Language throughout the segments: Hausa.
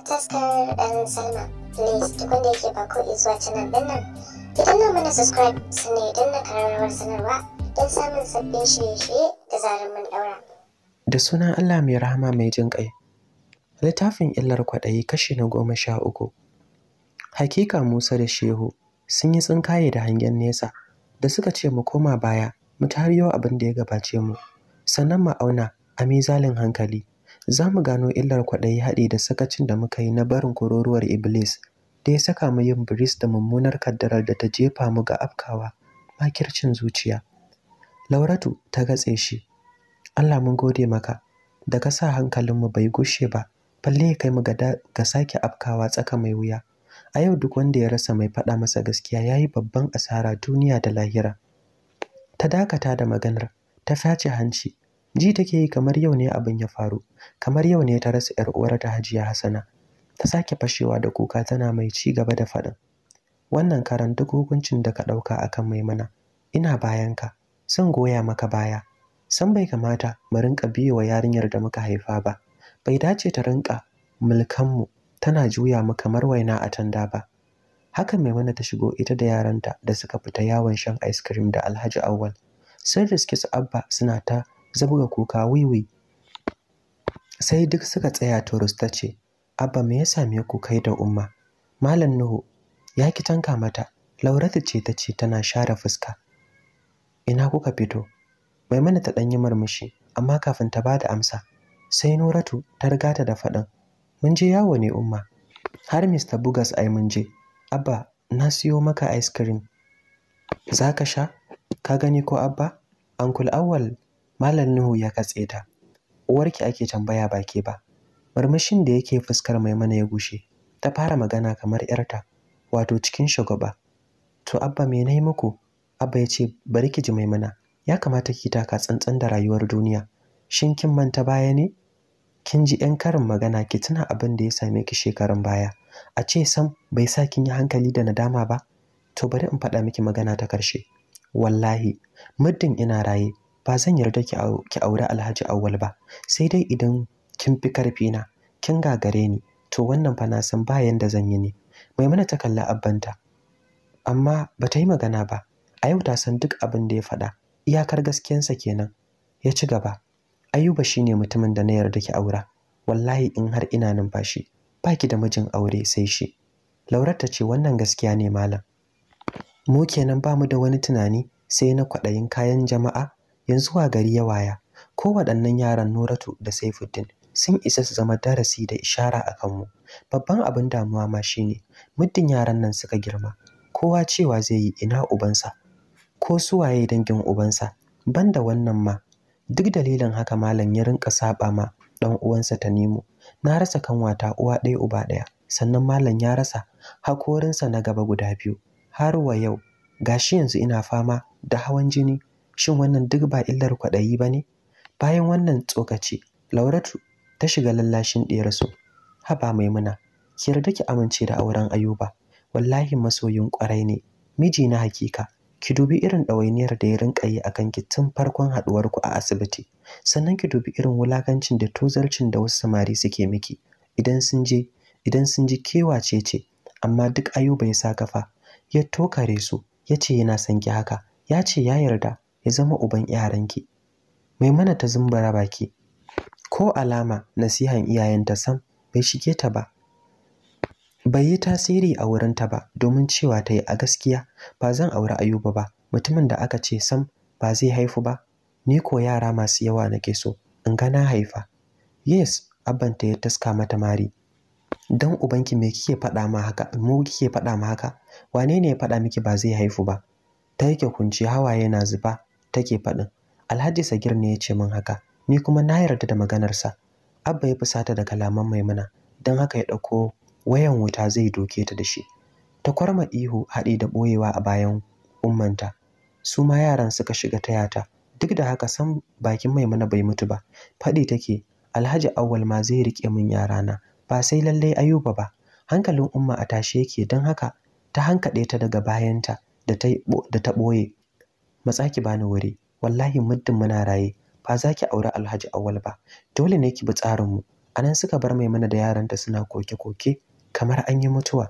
da taskar please yake ba zuwa subscribe kararrawar sanarwa samun sabbin shirye-shirye da zarar mun ɗaura. da sunan allah mai rahama mai jin ƙai littafin illar kwaɗayi kashi na goma sha uku hakika musa da shehu sun yi tsinkaye da hangen nesa da suka ce mu koma baya mu tariyo abin da ya gabace mu sannan mu auna a mizalin hankali za mu gano illar kwaɗayi haɗi da sakacin da muka yi na barin kororuwar iblis da ya saka mu yin biris da mummunar kaddarar da ta jefa mu ga afkawa makircin zuciya lauratu ta gatse shi allah mun gode maka da ka sa hankalinmu bai gushe ba falle ya kai mu ga sake afkawa tsaka mai wuya a yau duk wanda ya rasa mai faɗa masa gaskiya ya yi babban asara duniya da lahira ta dakata da maganar ta face hanci ji take yi kamar yau ne abin ya faru kamar yau ne ta rasa yar uwarta hajiya hasana ta sake fashewa da kuka tana mai ci gaba da faɗin wannan karan duk hukuncin da ka ɗauka akan maimuna ina bayanka zan goya maka baya san bai kamata mu rinka biye wa yarinyar da muka haifa ba bai dace ta rinka mulkanmu tana juya mu kamar waina a tanda ba hakan maimuna ta shigo ita da yaranta da suka fita yawon shan ice cream da alhaji awwal sun riske su abba suna ta zabuga kuka wiwi sai duk suka tsaya turus ta ce abba me ya same ku kai da umma malam nuhu ya ki tanka mata lauratu ce ta ce tana share fuska ina kuka fito Mai maimuna ta ɗanyi murmushi amma kafin ta bada amsa sai noratu ta riga ta da faɗin mun je yawo ne umma har mr bugas ai mun je abba na siyo maka ice cream za ka sha ka gani ko abba Ankul Awal Malam Nuhu ya katse ta. Uwarki ake tambaya baki ba. Murmushin da yake fuskar Maimuna ya gushe. Ta fara magana kamar 'yarta, wato cikin shugaba To Abba me nayi muku? Abba ya ce bari ki ji Maimuna. Ya kamata ki taka tsantsan da rayuwar duniya. Shin kin manta baya ne? Kin ji 'yan karin magana ki tuna abin da ya same ki shekarun baya. A ce sam bai sa kin yi hankali da nadama ba. To bari in faɗa miki magana ta ƙarshe. Wallahi, muddin ina raye, ba zan yarda ki aure Alhaji Auwal ba sai dai idan kin fi karfi na kin gagare ni to wannan fa na san ba yanda zan yi ne Maimuna ta kalla abbanta amma ba ta yi magana ba a yau ta san duk abin da ya faɗa iyakar gaskiyansa kenan ya ci gaba Ayuba shine mutumin da na yarda ki aura wallahi in har ina numfashi ki da mijin aure sai shi Laura ta ce wannan gaskiya ne malam mu kenan ba mu da wani tunani sai na kwaɗayin kayan jama'a yanzu wa gari ya waya ko waɗannan yaran Noratu da Saifuddin sun isa su zama darasi da ishara a kanmu babban abin damuwa ma shine muddin yaran nan suka girma kowa cewa zai yi ina ubansa ko suwaye dangin ubansa Ban da wannan ma duk dalilin haka malam ya rinka saba ma ɗan uwansa ta nemo na rasa kanwata uwa ɗaya uba ɗaya sannan malam ya rasa hakorinsa na gaba guda biyu har wa yau gashi yanzu ina fama da hawan jini shin wannan duk ba illar kwaɗayi ba ne bayan wannan tsokaci lauratu ta shiga lallashin ɗiyarsu haba maimuna ki yarda ki amince da auren ayuba wallahi masoyin ƙwarai ne miji na hakika ki dubi irin ɗawainiyar da ya rinka yi a ki tun farkon haɗuwar ku a asibiti sannan ki dubi irin wulakancin da tozarcin da wasu samari suke miki idan sun je idan sun ji kewace ce amma duk ayuba ya sa kafa ya tokare su ya ce yana son ki haka ya ce ya yarda ya zama uban yaranki maimuna ta zumbara baki ko alama nasihan iyayenta sam bai shige ta ba bai yi tasiri a wurinta ba domin cewa ta yi a gaskiya ba zan auri ayuba ba mutumin da aka ce sam ba zai haifu ba ni ko yara masu yawa nake so in ga na haifa yes ta ya taska mata mari dan ubanki me kike faɗa ma haka mu kike faɗa ma haka wane ne ya faɗa miki ba zai haifu ba ta yake kunci hawaye na zuba take faɗin alhaji sagir ne ya ce min haka ni kuma na yarda da maganarsa abba ya fusata da kalaman maimuna don haka ya ɗauko wayan wuta zai doke ta da shi ta kwarma ihu haɗi da ɓoyewa a bayan ummanta su ma yaran suka shiga tayata duk da haka san bakin maimuna bai mutu ba faɗi take alhaji awwal ma zai riƙe min yarana ba sai lallai ayuba ba hankalin umma a tashe yake don haka ta hankaɗe ta daga bayanta da ta ɓoye matsa ki bani wuri wallahi muddin muna raye ba za ki aure Alhaji Awwal ba dole ne ki bi mu anan suka bar mai Maimuna da yaranta suna koke-koke kamar an yi mutuwa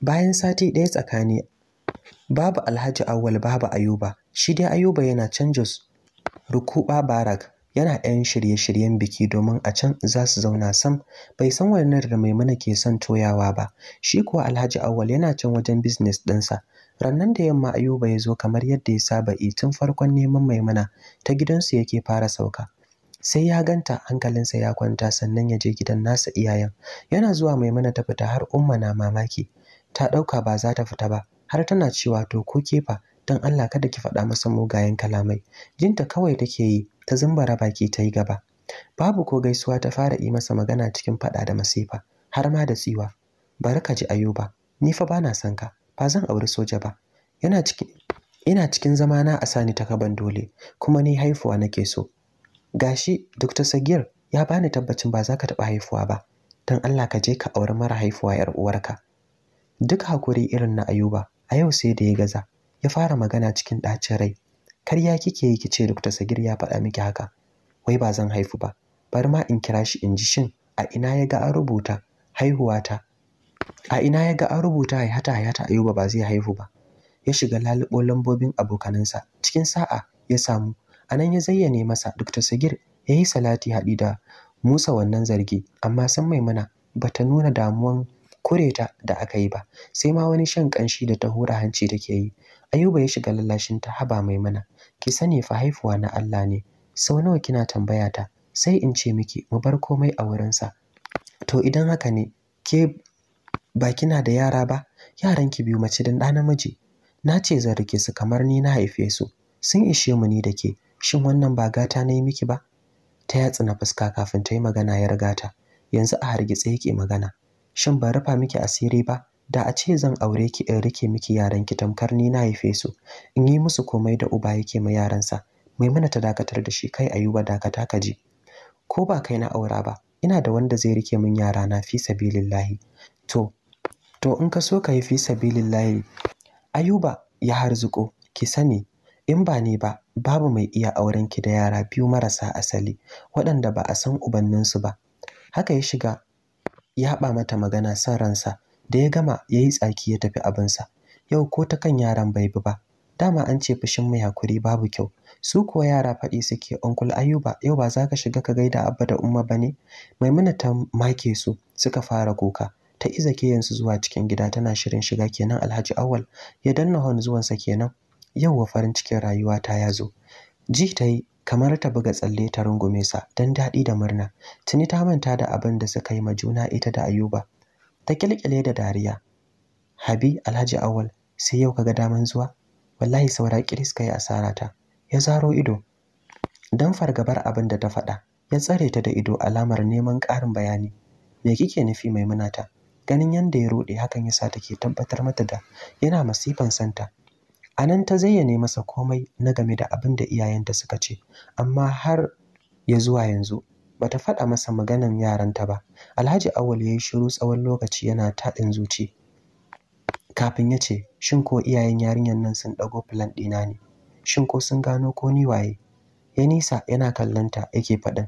bayan sati ɗaya tsakani babu Alhaji Awwal babu Ayuba shi dai Ayuba yana can Jos Rukuba Barak yana ɗayan shirye-shiryen biki domin a can za su zauna sam bai san nan da mai maimuna ke son toyawa ba shi kuwa alhaji Awwal yana can wajen business ɗinsa Rannan da yamma Ayuba ya zo kamar yadda ya saba yi tun farkon neman Maimuna ta gidansu yake fara sauka. Sai ya ganta hankalinsa ya kwanta sannan ya je gidan nasa iyayen. Yana zuwa Maimuna ta fita har Umma na mamaki. Ta ɗauka ba za ta fita ba har tana cewa to ko kefa don Allah kada ki faɗa masa mugayen kalamai. Jinta kawai take yi ta zumbara baki ta yi gaba. Babu ko gaisuwa ta fara yi masa magana cikin faɗa da masifa har ma da tsiwa. Bari ka ji Ayuba, ni fa bana son ka. ba zan auri soja ba yana cikin ina cikin zamana a sani takaban dole kuma ni haifuwa nake so gashi Dr. Sagir ya bani tabbacin ba za ka taɓa haifuwa ba don Allah ka je ka auri mara haifuwa yar uwarka duk hakuri irin na Ayuba a yau sai da ya gaza ya fara magana cikin ɗacin rai kar ya kike yi kice Dr. Sagir ya faɗa miki haka wai ba zan haifu ba bari ma in kira shi in ji shin a ina ya ga an rubuta haihuwata a ina ya ga an rubuta ya ya hayata ayuba ba zai haihu ba ya shiga lalubo lambobin abokanansa cikin sa'a ya samu A nan ya zayyane masa dr sagir ya yi salati haɗi da musa wannan zargi amma san maimuna ta nuna damuwan kure ta da aka yi ba sai ma wani shan ƙanshi da ta hura hanci take yi ayuba ya shiga lallashin ta haba maimuna ki sani fa haifuwa na allah ne sau nawa kina tambaya ta sai in ce miki mu bar komai a wurinsa to idan haka ne ke ba kina da yara ba Yaran ki biyu mace da ɗa namiji na ce zan rike su kamar ni na haife su sun ishe mu ni da ke shin wannan ba gata na yi miki ba ta yatsa na fuska kafin ta yi magana ya riga ta yanzu a hargitse yake magana shin ban rufa miki asiri ba da a ce zan aure ki in rike miki yaran ki tamkar ni na haife su in yi musu komai da uba yake ma yaransa mana ta dakatar da shi kai ayuba dakata ka ji ko ba kai na aura ba ina da wanda zai rike min yara na fi sabilillahi to to in ka so ka yi fi layi ayuba ya harzuko ki sani in ba ne ba babu mai iya auren ki da yara biyu marasa asali waɗanda ba a san ubanninsu ba haka ya shiga ya haɓa mata magana san ransa da ya gama ya yi tsaki ya tafi abinsa yau ko ta kan yaran bai bi ba dama an ce fushin mai hakuri babu kyau su kuwa yara faɗi suke onkul ayuba yau ba za ka shiga ka gaida abba da umma ba ne maimuna ta make su suka fara kuka ta iza yanzu zuwa cikin gida tana shirin shiga kenan Alhaji Awal ya danna hon zuwan sa kenan yauwa farin cikin rayuwa ta ya zo ji ta yi kamar ta buga tsalle ta rungume sa don daɗi da murna tuni ta manta da abin da suka yi ma juna ita da Ayuba ta kilkile da dariya Habi Alhaji Awal sai yau kaga daman zuwa wallahi saura kiris kai asara ta ya zaro ido dan fargabar abin da ta faɗa ya tsare ta da ido alamar neman ƙarin bayani me kike nufi maimunata ganin yadda ya ruɗe hakan yasa take tabbatar mata da yana masifan santa a nan ta zayyane masa komai na game da abin da iyayenta suka ce amma har ya zuwa yanzu bata faɗa masa maganan yaranta ba alhaji awal ya yi shiru tsawon lokaci yana taɗin zuci kafin ya ce shin ko iyayen yarinyar nan sun ɗago filan ɗina ne shin ko sun gano ko ni waye ya nisa yana kallonta yake faɗin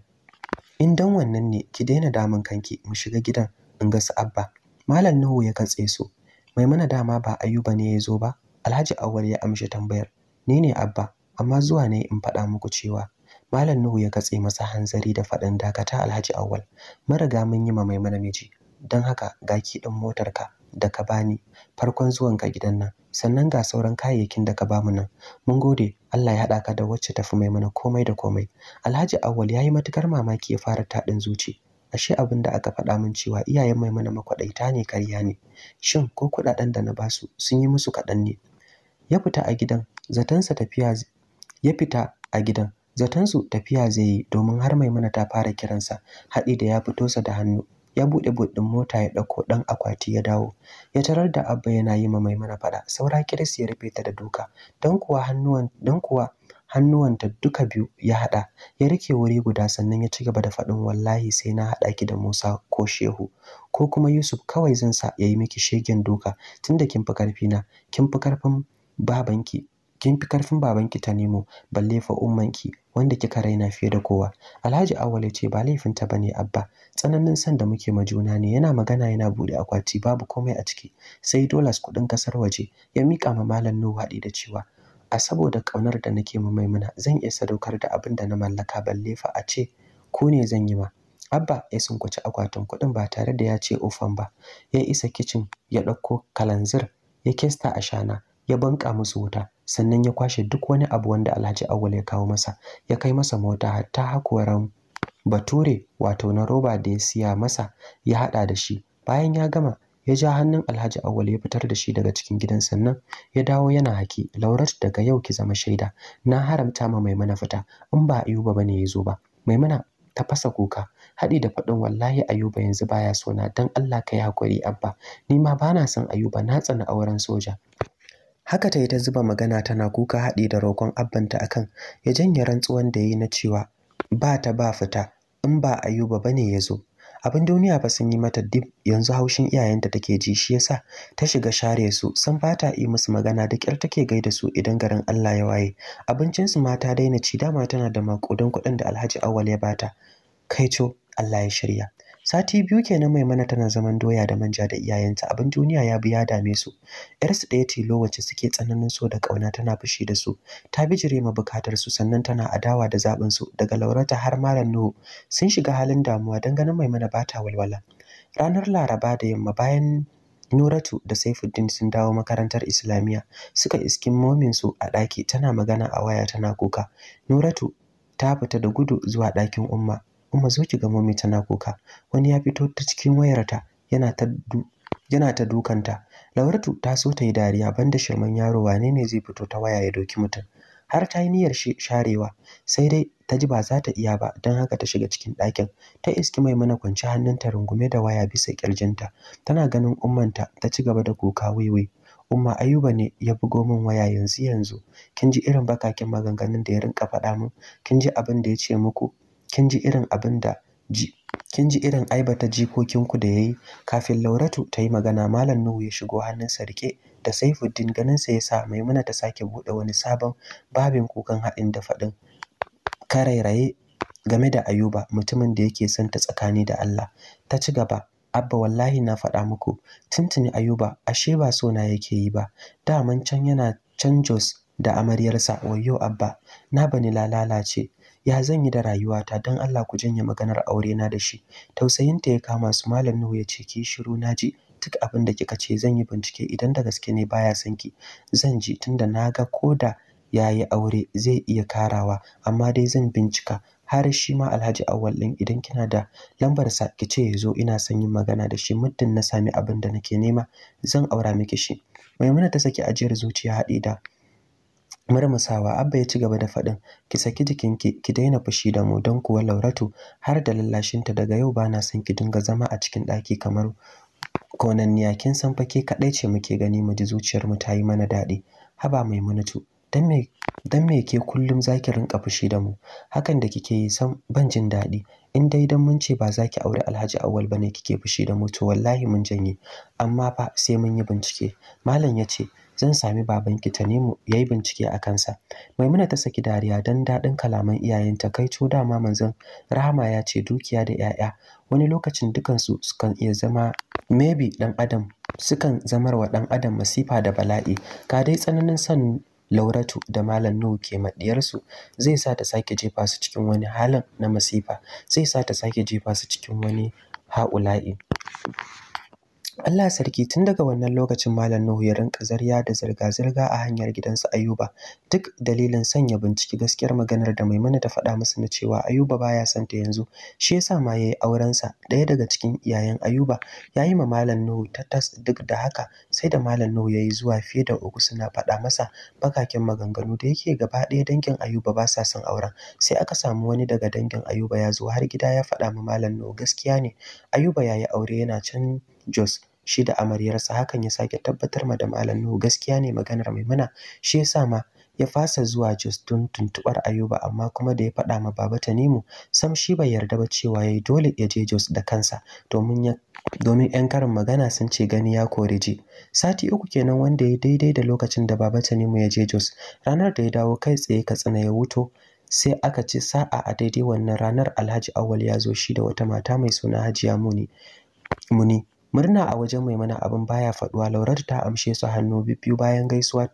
in dan wannan ne ki daina damun kanki mu shiga gidan in ga su abba Malam Nuhu ya katse su. Maimuna dama ba Ayuba ne ya zo ba. Alhaji Awwal ya amshi tambayar. Ni ne Abba, amma zuwa ne in faɗa muku cewa Malam Nuhu ya katse masa hanzari da faɗin dakata Alhaji Awwal. Mun riga mun yi ma Maimuna miji, don haka ga ki ɗin motarka da ka bani farkon zuwan ka gidan nan, sannan ga sauran kayayyakin da ka bamu nan. Mun gode, Allah ya haɗa ka da wacce tafi Maimuna komai da komai. Alhaji Awwal ya yi matukar mamaki ya fara taɗin zuci. ashe abin da aka faɗa min cewa iyayen maimuna makwaɗaita ne karya ne shin ko kuɗaɗen da na basu sun yi musu kaɗan ne ya fita a gidan zatansa tafiya ya fita a gidan zatansu tafiya zai yi domin har maimuna ta fara kiransa haɗi da ya fito sa da hannu ya buɗe buɗin mota ya ɗauko ɗan akwati ya dawo ya tarar da abba yana yi ma maimuna faɗa saura kiris ya rufe ta da doka. don kuwa hannuwan don kuwa hannuwanta duka biyu ya haɗa ya rike wuri guda sannan ya ci gaba da faɗin wallahi sai na haɗa ki da Musa ko Shehu ko kuma Yusuf kawai zan sa yayi miki shegen doka tunda kin fi karfi na kin fi karfin babanki kin fi karfin babanki ta nemo balle fa ummanki wanda kika raina fiye da kowa Alhaji Awale ce ba laifin ta bane abba tsananin san da muke majuna ne yana magana yana bude akwati babu komai a ciki sai dollars kudin kasar waje ya mika ma malam Nuhu haɗi da cewa a saboda ƙaunar da nake ma Maimuna zan iya sadaukar da abin da na mallaka balle fa a ce ku ne zan yi ma Abba ya sunkuci akwatin kuɗin ba tare da ya ce ofan ba ya isa kicin ya ɗauko kalanzir ya kesta a shana ya banka musu wuta sannan ya kwashe duk wani abu wanda Alhaji Awwal ya kawo masa ya kai masa mota hatta hakoran bature wato na roba da ya siya masa ya haɗa da shi bayan ya gama ya ja hannun Alhaji Awwal ya fitar da shi daga cikin gidan sannan ya dawo yana haki Laurat daga yau ki zama shaida na haramta ma Maimuna fita in ba Ayuba bane ya zo ba Maimuna ta fasa kuka haɗi da faɗin wallahi Ayuba yanzu baya so na dan Allah kai hakuri abba ni ma bana son Ayuba na tsana auren soja haka ta yi ta zuba magana tana kuka haɗi da roƙon abbanta akan ya janye rantsuwan da ya yi na cewa ba ta ba fita in ba Ayuba bane ya zo abin duniya ba sun yi mata dib yanzu haushin iyayenta take ji shi yasa ta shiga share su san ba ta yi musu magana da kyar take gaida su idan garin Allah ya waye abincin su ma daina ci dama tana da makudan kuɗin da Alhaji Awwal ya bata kai co Allah ya shirya sati biyu kenan maimuna tana zaman doya da manja da iyayenta abin duniya ya bi ya dame su yarsu ɗaya tilo wacce suke tsananin so da ƙauna tana fushi da su ta bijire ma bukatar su sannan tana adawa da zaɓin su daga laurata har malam nuhu sun shiga halin damuwa don ganin maimuna ba ta walwala ranar laraba da yamma bayan Nuratu da Saifuddin sun dawo makarantar Islamiyya suka iskin su a ɗaki tana magana a waya tana kuka. Nuratu ta fita da gudu zuwa ɗakin Umma kuma zo ki ga mami tana kuka. Wani ya fito ta cikin wayarta yana ta yana ta dukanta. Lauratu ta so ta yi dariya banda shirman yaro wane ne zai fito ta waya ya doki mutum. Har ta yi niyyar sharewa sai dai ta ji ba za ta iya ba don haka ta shiga cikin ɗakin. Ta iski mai mana kwance hannunta rungume da waya bisa ƙirjinta. Tana ganin ummanta ta Ta ci gaba da kuka waiwai. Umma Ayuba ne ya bugo min waya yanzu yanzu. Kin ji irin bakakin maganganun da ya rinka faɗa min? Kin ji abin da ya ce muku? kin ji irin abin da ji. kin ji irin aibata jikokinku da yayi kafin Lauratu ta yi magana Malam Nuhu ya shigo hannunsa sarke da Saifuddin ganinsa ya sa Maimuna ta sake buɗe wani sabon babin kukan haɗin da faɗin karairaye game da Ayuba mutumin da yake son ta tsakani da Allah ta ci gaba Abba wallahi na faɗa muku tuntuni Ayuba ashe ba so na yake yi ba daman can yana canjos Jos da amaryarsa wayo Abba na bani lalace ya zan yi da rayuwata don Allah ku janye maganar aurena da shi tausayinta ya kama su malam Nuhu ya ce ki shiru na ji duk abin da kika ce zan yi bincike idan da gaske ne baya son ki zan ji tunda na ga koda ya yi aure zai iya karawa amma dai zan bincika har shi ma Alhaji Awal din idan kina da lambar sa ki ce zo. ina son yin magana da shi muddin na sami abin da nake nema zan aura miki shi Maimuna ta saki ajiyar zuciya haɗi da murmusawa abba ya ci gaba da faɗin ki saki jikinki ki daina fushi da mu don kuwa lauratu har da lallashinta daga yau bana son ki dinga zama a cikin ɗaki kamar konanniya kin san fa ke kaɗai ce muke gani mu ji zuciyar mu ta yi mana daɗi haba mai munatu dan me dan me ke kullum zaki rinka fushi da mu hakan da kike yi san ban jin daɗi in dai dan mun ce ba zaki ki aure Alhaji Awwal bane kike fushi da mu to wallahi mun janye amma fa sai mun yi bincike malam ya ce zan sami babanki ta nemo ya yi bincike a kansa maimuna ta saki dariya don daɗin kalaman iyayenta kai co dama manzon rahama ya ce dukiya da 'ya'ya wani lokacin dukansu sukan iya zama maybe dan adam sukan zamar wa ɗan adam masifa da bala'i ka dai tsananin son lauratu da malam nuhu ke maɗiyarsu zai sa ta sake jefa su cikin wani halin na masifa zai sa ta sake jefa su cikin wani ha'ula'i Allah sarki tun daga wannan lokacin Malam Nuhu ya rinka zarya da zirga-zirga a hanyar gidansa Ayuba duk dalilin sanya binciki gaskiyar maganar da Maimuna ta faɗa masa na cewa Ayuba baya son ta yanzu shi yasa ma yayi auren sa ɗaya daga cikin iyayen Ayuba yayi ma Malam Nuhu tatas duk da haka sai da Malam Nuhu yayi zuwa fiye da uku suna faɗa masa bakakin maganganu da yake gaba ɗaya dangin Ayuba ba sa son auren sai aka samu wani daga dangin Ayuba ya zo har gida ya faɗa ma Malam Nuhu gaskiya ne Ayuba yayi aure yana can Jos shi da amaryarsa hakan ya sake tabbatar ma da Malam Nuhu gaskiya ne maganar Maimuna shi yasa ma ya fasa zuwa Jos don tuntubar Ayuba amma kuma da ya faɗa ma Baba Tanimu sam shi bai yarda ba cewa yayi dole ya je Jos da kansa domin 'yan karin magana sun ce gani ya kore ji sati uku kenan wanda ya daidai da lokacin da Baba Tanimu ya je Jos ranar da ya dawo kai tsaye Katsina ya wuto sai aka ci sa'a a daidai wannan ranar Alhaji Awwal ya zo shi da wata mata mai suna Hajiya Muni Muni murna a wajen maimuna abin baya faɗuwa lauratu ta amshe su hannu biyu-biyu bayan gaisuwa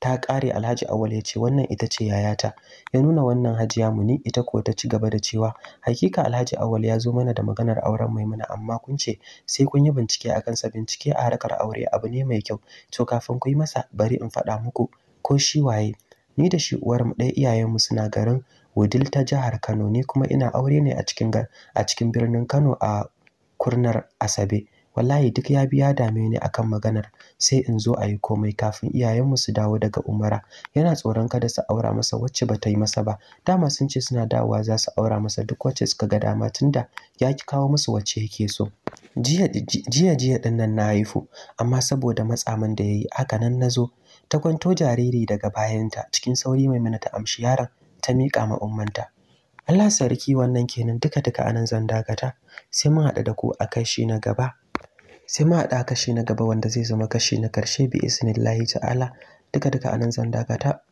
ta kare alhaji awal ya ce wannan ita ce yayata ya nuna wannan hajiya muni ita ko ta ci gaba da cewa hakika alhaji awal ya zo mana da maganar auren maimuna amma kun ce sai kun yi bincike a kansa bincike a harkar aure abu ne mai kyau to kafin ku yi masa bari in faɗa muku ko shi waye ni da shi uwar mu ɗaya iyayenmu suna garin wudil ta jihar kano ni kuma ina aure ne a cikin birnin kano a kurnar asabe wallahi duk ya biya dame ni akan maganar sai in zo a yi komai kafin iyayenmu su dawo daga umara yana tsoron kada su aura masa wacce ba ta yi masa ba dama sun ce suna dawowa za su aura masa duk wacce suka ga dama tunda ya ki kawo musu wacce yake so jiya jiya din nan na haifu amma saboda matsamin da ya yi haka nan na zo ta kwanto jariri daga bayanta cikin sauri mai mana ta amshi yaron ta miƙa ma ummanta Allah sarki wannan kenan duka duka anan zan dakata sai mun haɗu da ku a kashi na gaba sai ma haɗa kashi na gaba wanda zai zama kashi na ƙarshe bi isnillahi ta'ala duka duka nan zan dakata